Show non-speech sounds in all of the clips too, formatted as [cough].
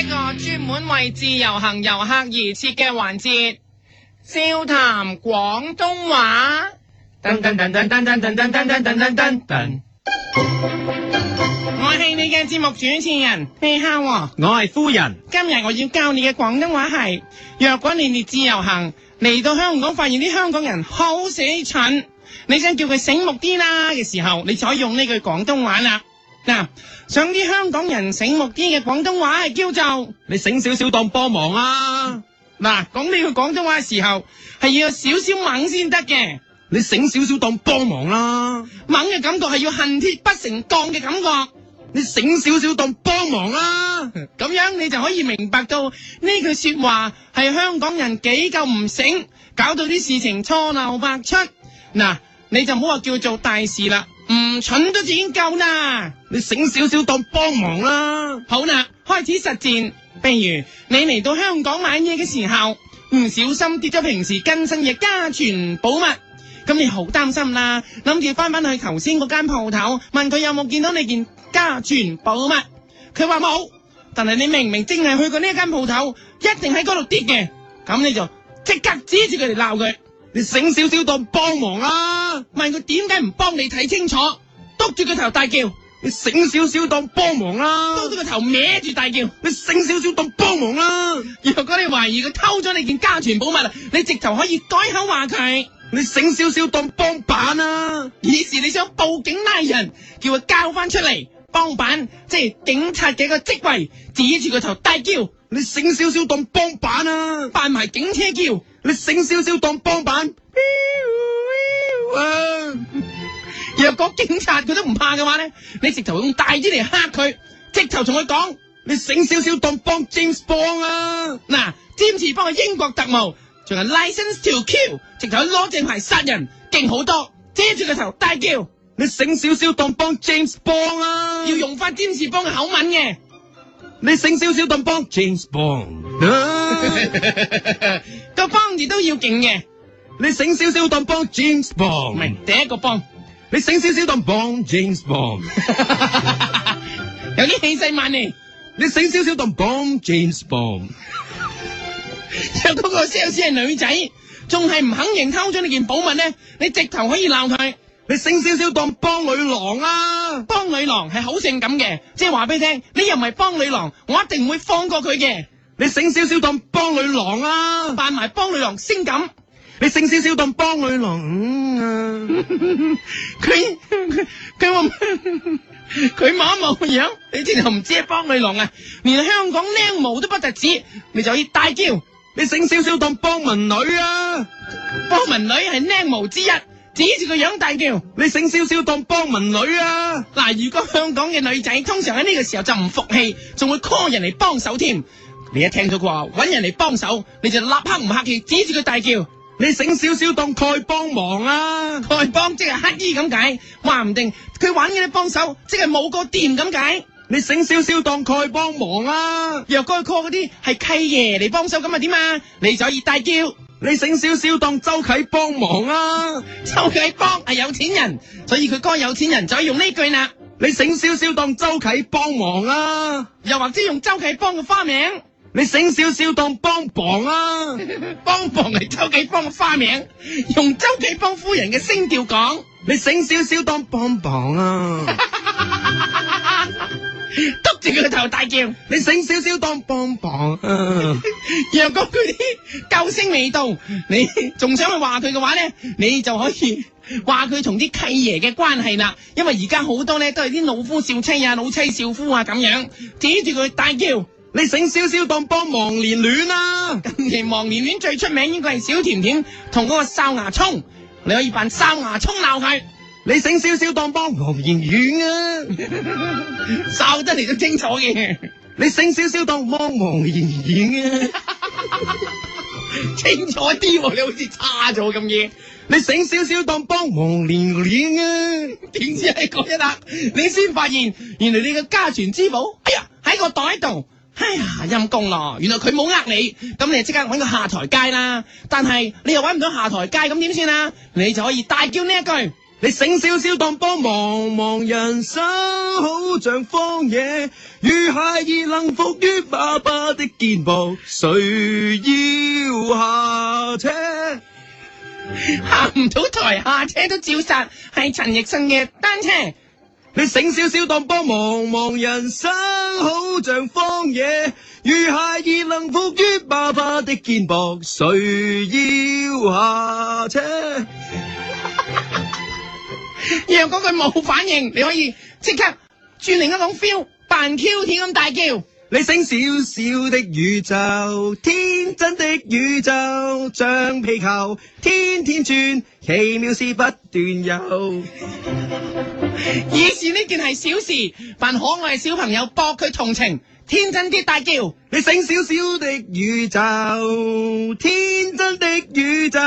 一個專門為自由行遊客而設嘅環節，笑談廣東話。我係你嘅節目主持人，皮克。我係夫人。今日我要教你嘅廣東話係：若果你哋自由行嚟到香港，發現啲香港人好死蠢，你想叫佢醒目啲啦嘅時候，你就可以用呢句廣東話啦。嗱，上啲、啊、香港人醒目啲嘅廣東話係叫做，你醒少少當幫忙啦、啊。嗱、啊，講呢句廣東話嘅時候係要有少少猛先得嘅。你醒少少當幫忙啦、啊，猛嘅感覺係要恨鐵不成鋼嘅感覺。你醒少少當幫忙啦、啊，咁 [laughs] 樣你就可以明白到呢句、這個、說話，係香港人幾夠唔醒，搞到啲事情錯漏百出。嗱、啊，你就唔好話叫做大事啦。唔、嗯、蠢都已經夠啦，你醒少少當幫忙啦。好啦，開始實戰。譬如你嚟到香港買嘢嘅時候，唔小心跌咗平時更新嘅家傳寶物，咁你好擔心啦，諗住翻翻去頭先嗰間鋪頭問佢有冇見到你件家傳寶物，佢話冇，但係你明明淨係去過呢一間鋪頭，一定喺嗰度跌嘅，咁你就即刻指住佢嚟鬧佢。你醒少少當幫忙啦、啊！問佢點解唔幫你睇清楚，督住個頭大叫。你醒少少當幫忙啦、啊！督住個頭孭住大叫。你醒少少當幫忙啦、啊！如果你懷疑佢偷咗你件家傳寶物，你直頭可以改口話佢。你醒少少當幫辦啦！以是你想報警拉人，叫佢交翻出嚟幫辦，即係、就是、警察嘅個職位，指住個頭大叫。你醒少少當幫辦啊，扮埋警車叫。你醒少少當幫辦，喵啊、呃呃、 [laughs] 若果警察佢都唔怕嘅話咧，你直頭用大啲嚟吓佢，直頭同佢講，你醒少少當幫 James Bond 啊！嗱，James Bond 係英國特務，仲係 license to kill，直頭攞正牌殺人勁好多。遮住個頭大叫，你醒少少當幫 James Bond 啊！要用翻 James Bond 嘅口吻嘅。你醒少少當幫 James Bond，個幫字都要勁嘅。你醒少少當幫 James Bond，唔係，第一個幫。你醒少少當幫 James Bond， [laughs] 有啲氣勢嘛你小小。你醒少少當幫 James Bond，若嗰 [laughs] 個 sales 係女仔，仲係唔肯認偷咗你件寶物咧，你直頭可以鬧佢。你醒少少當幫女郎啊，幫女郎係好性感嘅，即係話俾你聽，你又唔係幫女郎，我一定唔會放過佢嘅。你醒少少當幫女郎啊，扮埋幫女郎先噉。你醒少少當幫女郎，啊，佢佢話佢馬毛樣，你知唔知係幫女郎啊，連香港靚模都不特止，你就要大叫，你醒少少當幫文女啊，幫文女係靚模之一。指住佢樣大叫，你醒少少當幫民女啊！嗱、啊，如果香港嘅女仔通常喺呢個時候就唔服氣，仲會 call 人嚟幫手添。你一聽到佢話搵人嚟幫手，你就立刻唔客氣，指住佢大叫，你醒少少當丐幫忙啊！丐幫即係乞衣咁解，話唔定佢玩嗰啲幫手即係冇個店咁解，你醒少少當丐幫忙啊！若果 call 嗰啲係契爺嚟幫手咁啊，點啊？你就可以大叫。你醒少少當周啟邦忙啊，周啟邦係有錢人，所以佢該有錢人就可以用呢句啦。你醒少少當周啟幫忙啊，又或者用周啟邦嘅花名，你醒少少當幫忙啊，幫忙係周啟邦嘅花名，用周啟邦夫人嘅聲調講，你醒少少當幫忙啊。 [laughs] 篤住佢個頭大叫，你醒少少當幫忙。棒棒啊、 [laughs] 如果佢啲救星未到，你仲想去話佢嘅話咧，你就可以話佢同啲契爺嘅關係啦。因為而家好多咧都係啲老夫少妻啊、老妻少夫啊咁樣，指住佢大叫，你醒少少當幫忙年戀啦、啊。近期忙年戀最出名應該係小甜甜同嗰個哨牙聰，你可以扮哨牙聰鬧佢。你醒少少當幫忙連連啊， [laughs] 哨得嚟都清楚嘅。 [laughs] 你醒少少當幫忙連連啊， [laughs] [laughs] 清楚啲，啊。你好似差咗咁嘢。你醒少少當幫忙連連啊，點 [laughs] 知係嗰一粒？你先發現原來你嘅家傳之寶，哎呀，喺個袋度，哎呀陰功咯。原來佢冇呃你，咁你即刻揾個下台階啦。但係你又揾唔到下台階，咁點算啊？你就可以大叫呢一句。你醒少少，當幫忙，茫茫人生好像荒野，如孩兒能伏於爸爸的肩膊，誰要下車？行唔到台，下車都照殺，係陳奕迅嘅單車。你醒少少，當幫忙，茫茫人生好像荒野，如孩兒能伏於爸爸的肩膊，誰要下車？ [laughs] 若嗰句冇反應， [laughs] 你可以即刻轉另一種 feel，扮 Q 甜咁大叫。你醒少少的宇宙，天真的宇宙，像皮球天天轉，奇妙事不斷有。 [laughs] 以是呢件係小事，扮可愛小朋友博佢同情，天真啲大叫。你醒少少的宇宙，天真的宇宙，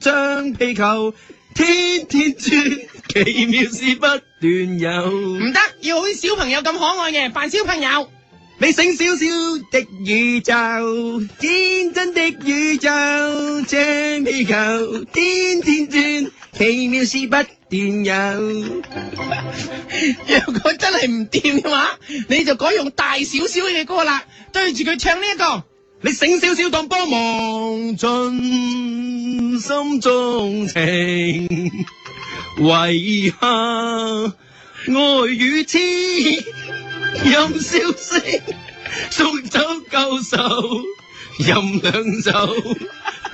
像皮球。天天轉，奇妙事不斷有。唔得，要好似小朋友咁可愛嘅，扮小朋友。你醒少少的宇宙，天真的宇宙，唱地球。天天轉，奇妙事不斷有。若 [laughs] 果真係唔掂嘅話，你就改用大少少嘅歌啦。對住佢唱呢、這、一個，你醒少少當幫忙盡。心中情，遺下愛與痴，任笑聲送走舊愁，吟兩首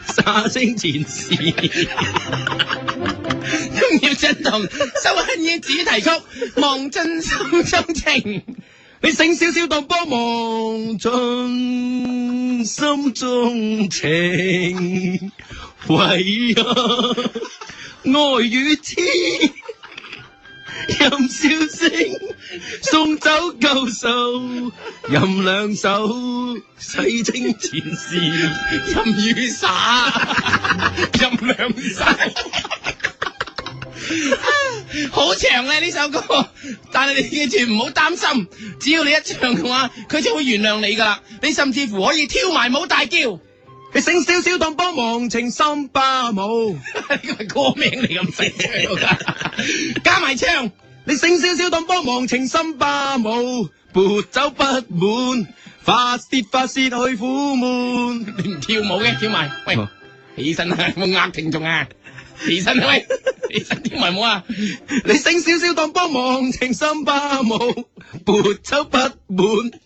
煞聲前事，更要震動，收音要指提曲，忘盡心中情，你醒少少當波忘盡心中情。喂喲、啊，愛與痴，任笑聲送走舊愁，任兩首洗清前事，任雨灑， [laughs] 任兩灑， [laughs] [laughs] 好長嘅呢首歌，但係你記住唔好擔心，只要你一唱嘅話，佢就會原諒你噶啦，你甚至乎可以跳埋舞大叫。你醒少少當幫忙情深霸舞，呢個係歌名嚟，咁細聲噶 [laughs] [laughs] 加埋唱。你醒少少當幫忙情深霸舞，撥走不滿，發洩發洩去苦悶。 [laughs] 你唔跳舞嘅跳埋，喂， [laughs] 起身啊，望壓聽眾啊，起身啊， [laughs] 喂，起身跳埋舞啊。 [laughs] 你醒少少當幫忙情深霸舞，撥走不滿。 [laughs] [laughs]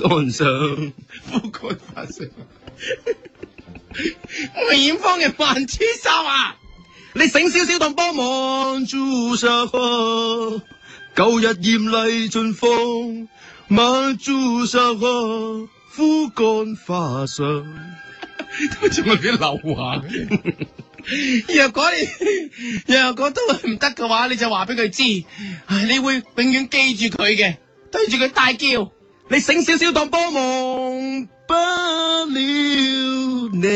乾上，枯乾花傷，梅艷芳嘅蔓珠莎華啊！你醒少少當幫忙朱啥貨？舊日艷麗盡風，蔓珠莎華，枯乾化上，做乜嘢變流下。 [laughs] [laughs] 若果你，若果都唔得嘅話，你就話俾佢知，唉，你會永遠記住佢嘅，對住佢大叫。你醒少少，當幫忙 [laughs] 忘不了你，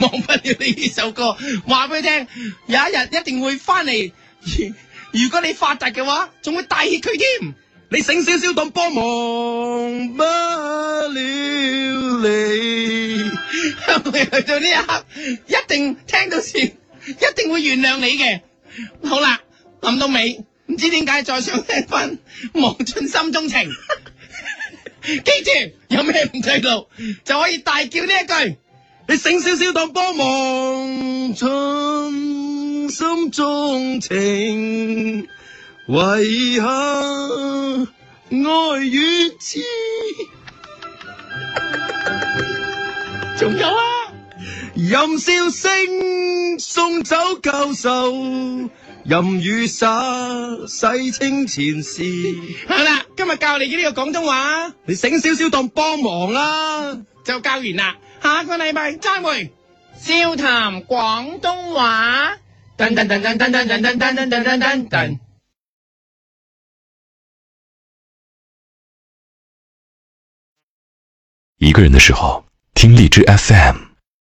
忘不了呢首歌。話俾佢聽，有一日一定會翻嚟。如果你發達嘅話，仲會大謝佢添。你醒少少，當幫忙忘不了你。 [laughs] 你到呢一刻，一定聽到時，一定會原諒你嘅。好啦，諗到尾。唔知點解再想聽分，忘盡心中情。 [laughs] 記住，有咩唔對路，就可以大叫呢一句。 [music] 你醒少少當幫忙，忘盡心中情。遺下愛與痴，仲 [music] 有啊！任笑聲送走舊愁。任雨灑，洗清前事。 [laughs] 好啦，今日教你呢個廣東話，你醒少少當幫，幫忙啦、啊。 [laughs] 就教完啦，下個禮拜再會。笑談廣東話。等、等、等、等、等、等、等、等、等、等。噔噔噔噔。等等一個人嘅時候，聽荔枝 FM。